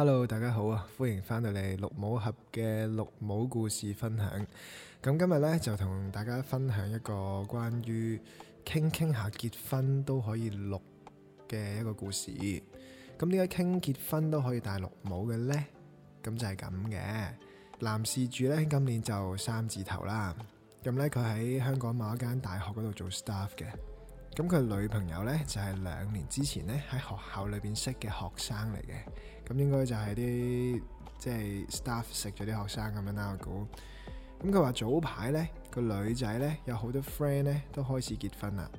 hello，大家好啊，歡迎翻到嚟綠帽俠嘅綠帽故事分享。咁今日咧就同大家分享一個關於傾傾下結婚都可以綠嘅一個故事。咁點解傾結婚都可以戴綠帽嘅呢？咁就係咁嘅。男事主咧今年就三字頭啦。咁咧佢喺香港某一間大學嗰度做 staff 嘅。咁佢女朋友呢，就係兩年之前呢，喺學校裏邊識嘅學生嚟嘅，咁應該就係啲即係 staff 識咗啲學生咁樣啦我估。咁佢話早排呢，個女仔呢，有好多 friend 呢，都開始結婚啦，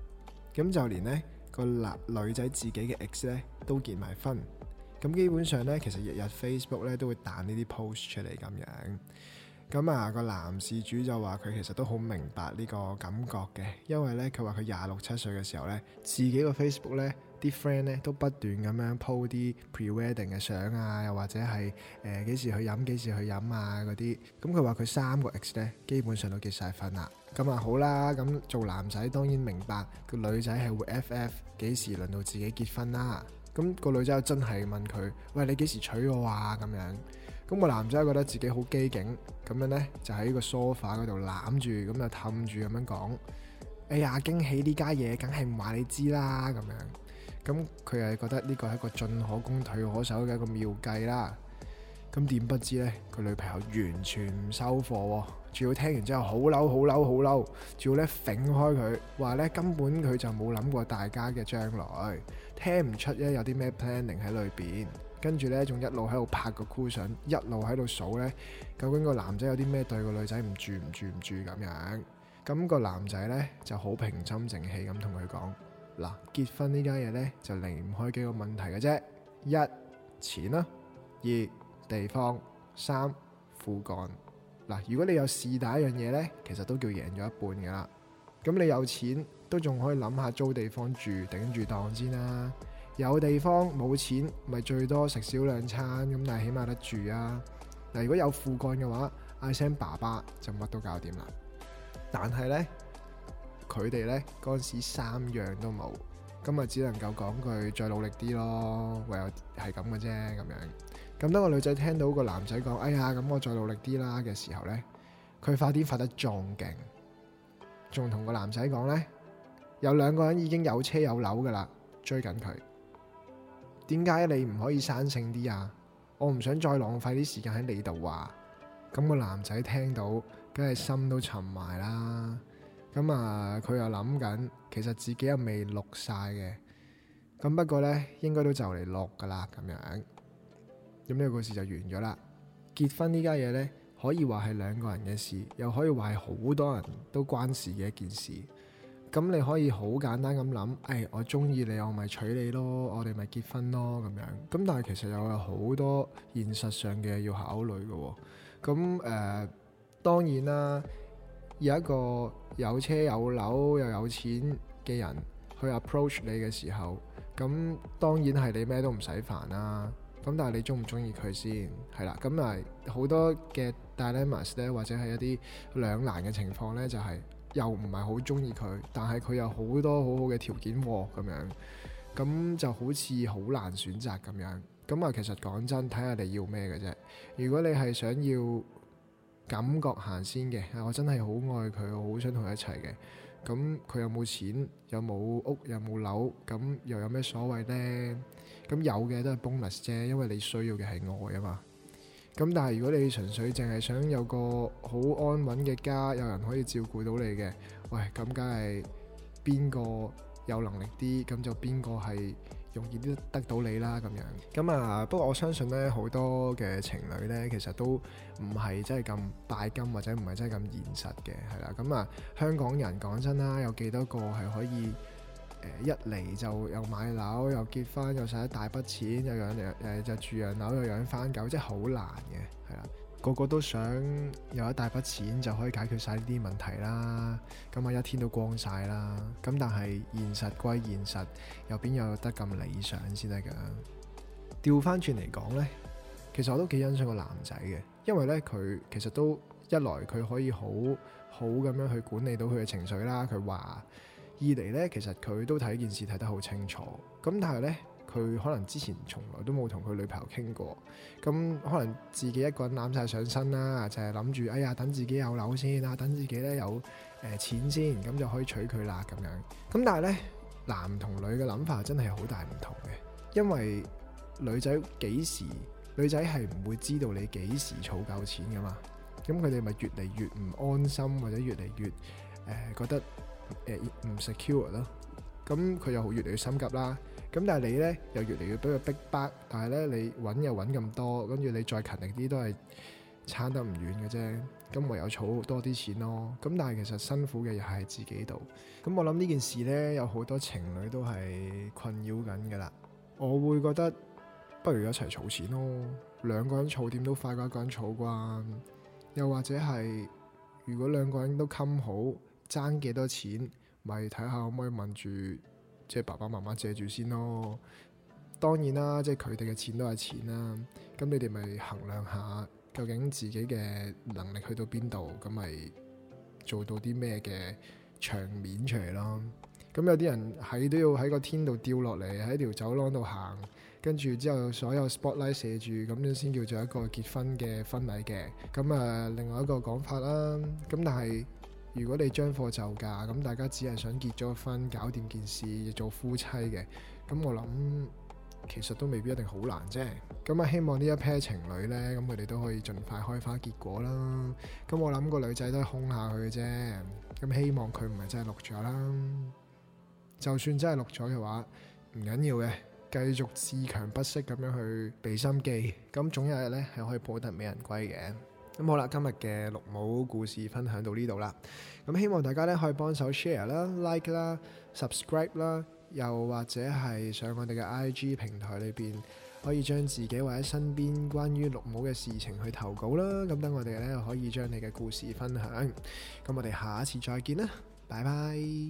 咁就連呢個男女仔自己嘅 ex 呢，都結埋婚，咁基本上呢，其實日日 Facebook 呢，都會彈呢啲 post 出嚟咁樣。咁啊，個男事主就話佢其實都好明白呢個感覺嘅，因為呢，佢話佢廿六七歲嘅時候呢，自己個 Facebook 呢啲 friend 呢都不斷咁樣鋪啲 pre-wedding 嘅相啊，又或者係誒幾時去飲幾時去飲啊嗰啲。咁佢話佢三個 ex 呢基本上都結晒婚啦。咁啊好啦，咁做男仔當然明白個女仔係會 ff 幾時輪到自己結婚啦。咁、那個女仔又真係問佢：喂，你幾時娶我啊？咁樣。咁個男仔覺得自己好機警，咁樣咧就喺個梳化嗰度攬住，咁就氹住咁樣講：哎呀，驚喜呢家嘢，梗係唔話你知啦。咁樣，咁佢係覺得呢個係一個進可攻退可守嘅一個妙計啦。咁點不知咧，佢女朋友完全唔收貨喎，仲要聽完之後好嬲、好嬲、好嬲，仲要咧揈開佢，話咧根本佢就冇諗過大家嘅將來，聽唔出咧有啲咩 planning 喺裏邊。跟住咧，仲一路喺度拍個箍相，一路喺度數呢，究竟個男仔有啲咩對個女仔唔住唔住唔住咁樣？咁個男仔呢，就好平心靜氣咁同佢講：嗱，結婚呢家嘢呢，就離唔開幾個問題嘅啫，一錢啦，二地方，三富幹。嗱，如果你有是第一樣嘢呢，其實都叫贏咗一半嘅啦。咁你有錢都仲可以諗下租地方住頂住檔先啦，啊。有地方冇錢，咪最多食少兩餐咁，但係起碼得住啊。嗱，如果有副幹嘅話，嗌聲爸爸就乜都搞掂啦。但係呢，佢哋呢嗰陣時三樣都冇，咁咪只能夠講句再努力啲咯。唯有係咁嘅啫，咁樣咁。當個女仔聽到個男仔講：哎呀，咁我再努力啲啦嘅時候呢，佢發啲發得壯勁，仲同個男仔講呢：「有兩個人已經有車有樓噶啦，追緊佢。點解你唔可以生性啲啊？我唔想再浪費啲時間喺你度話。咁個男仔聽到，梗係心都沉埋啦。咁啊，佢又諗緊，其實自己又未落晒嘅。咁不過呢，應該都就嚟落㗎喇，咁樣。咁呢個故事就完咗啦。結婚呢家嘢呢，可以話係兩個人嘅事，又可以話係好多人都關事嘅一件事。咁你可以好簡單咁諗，誒、哎，我中意你，我咪娶你咯，我哋咪結婚咯咁樣。咁但係其實又有好多現實上嘅要考慮嘅喎、哦。咁誒、呃，當然啦，有一個有車有樓又有錢嘅人去 approach 你嘅時候，咁當然係你咩都唔使煩喜喜啦。咁但係你中唔中意佢先？係啦，咁咪好多嘅 dilemmas 咧，或者係一啲兩難嘅情況咧，就係、是。又唔係好中意佢，但係佢有好多好好嘅條件咁樣，咁就好似好難選擇咁樣。咁啊，其實講真，睇下你要咩嘅啫。如果你係想要感覺行先嘅，我真係好愛佢，好想同佢一齊嘅。咁佢有冇錢？有冇屋？有冇樓？咁又有咩所謂呢？咁有嘅都係 bonus 啫，因為你需要嘅係愛啊嘛。咁但係如果你純粹淨係想有個好安穩嘅家，有人可以照顧到你嘅，喂，咁梗係邊個有能力啲，咁就邊個係容易啲得到你啦咁樣。咁啊不過我相信呢，好多嘅情侶呢，其實都唔係真係咁拜金或者唔係真係咁現實嘅，係啦。咁啊香港人講真啦，有幾多個係可以？呃、一嚟就又買樓，又結婚，又使一大筆錢，又養誒，就、呃、住洋樓，又養翻狗，即係好難嘅，係啦，個個都想有一大筆錢就可以解決晒呢啲問題啦，咁啊，一天都光晒啦，咁但係現實歸現實，又邊有得咁理想先得噶？調翻轉嚟講呢，其實我都幾欣賞個男仔嘅，因為呢，佢其實都一來佢可以好好咁樣去管理到佢嘅情緒啦，佢話。二嚟呢，其實佢都睇件事睇得好清楚，咁但係呢，佢可能之前從來都冇同佢女朋友傾過，咁可能自己一個人攬晒上身啦，就係諗住哎呀，等自己有樓先啊，等自己呢有誒、呃、錢先，咁就可以娶佢啦咁樣。咁但係呢，男同女嘅諗法真係好大唔同嘅，因為女仔幾時，女仔係唔會知道你幾時儲夠錢㗎嘛，咁佢哋咪越嚟越唔安心，或者越嚟越誒、呃、覺得。誒、呃、唔 secure 咯，咁佢又好越嚟越心急啦，咁但係你咧又越嚟越俾佢逼逼，但係咧你搵又搵咁多，跟住你再勤力啲都係撐得唔遠嘅啫，咁唯有儲多啲錢咯，咁但係其實辛苦嘅又係自己度，咁我諗呢件事咧有好多情侶都係困擾緊嘅啦，我會覺得不如一齊儲錢咯，兩個人儲點都快過一個人儲啩，又或者係如果兩個人都襟好。爭幾多錢，咪睇下可唔可以問住即係爸爸媽媽借住先咯。當然啦，即係佢哋嘅錢都係錢啦、啊。咁你哋咪衡量下，究竟自己嘅能力去到邊度，咁咪做到啲咩嘅場面出嚟咯。咁有啲人喺都要喺個天度掉落嚟，喺條走廊度行，跟住之後有所有 spotlight 射住，咁樣先叫做一個結婚嘅婚禮嘅。咁誒、啊，另外一個講法啦。咁但係，如果你將貨就價，咁大家只係想結咗婚，搞掂件事做夫妻嘅，咁我諗其實都未必一定好難啫。咁啊，希望呢一 pair 情侶呢，咁佢哋都可以盡快開花結果啦。咁我諗個女仔都係空下佢嘅啫。咁希望佢唔係真係綠咗啦。就算真係綠咗嘅話，唔緊要嘅，繼續自強不息咁樣去俾心機，咁總有一日呢，係可以抱得美人歸嘅。咁好啦，今日嘅綠帽故事分享到呢度啦。咁希望大家咧可以幫手 share 啦、like 啦、subscribe 啦，又或者係上我哋嘅 IG 平台裏邊，可以將自己或者身邊關於綠帽嘅事情去投稿啦。咁等我哋咧可以將你嘅故事分享。咁我哋下一次再見啦，拜拜。